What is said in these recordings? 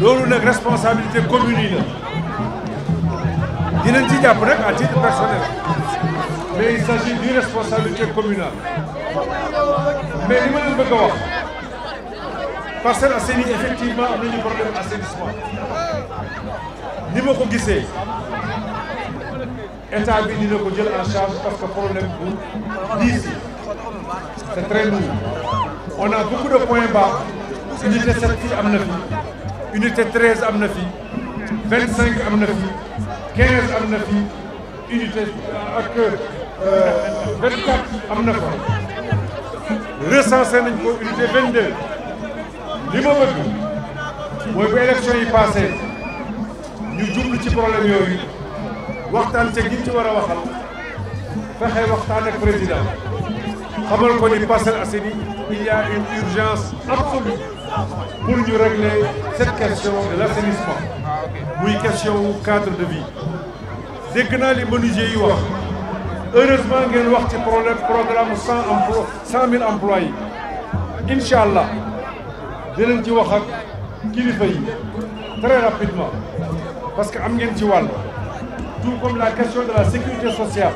lolu nak responsabilité commune yi la dinañ ci japp nag à titre personnel mais il s'agit d'une responsabilité communale mais li ma leen bëgg Parce que Parcelles Assainies effectivement am nañu problème assainissement ni ma ko gisee état bi dina ko jël en charge parce que problème bu c'est très lourd on a beaucoup de points bas unité 7 fii am na unité 13 am na fi 25 am na fi 15 am na fi unité euh, ak 24 euh, am na fa recensé nañ ko unité 22 li ma bëgg mooy bu élection yi passé ñu jublu ci problème yooyu waxtaan ca gi ci war a waxal fexe waxtaan ak président xamal ko ni Parcelles Assainies il y a une urgence absolue pour nous régler cette question de l'assainissement. Oui, question au cadre de vie. que nous avons les bonnes wax heureusement nous avons un programme 100 100 employés. Inch'Allah, emplois nous incha un dinañ ci très rapidement parce que nous avons ci tout comme la question de la sécurité sociale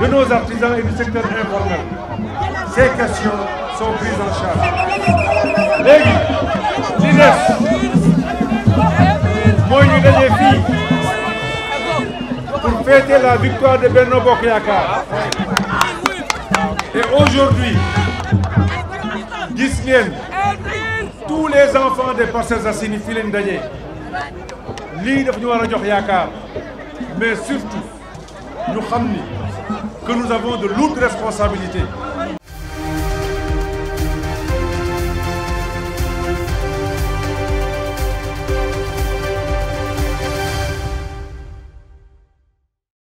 de nos artisans et du secteur informel ces questions sont prises en charge pour fêter la victoire de Benno Bokyakar. Et aujourd'hui, Gislienne, tous les enfants des parcelles Assini Filen Dagné, l'île de Yakar, mais surtout, nous savons que nous avons de lourdes responsabilités.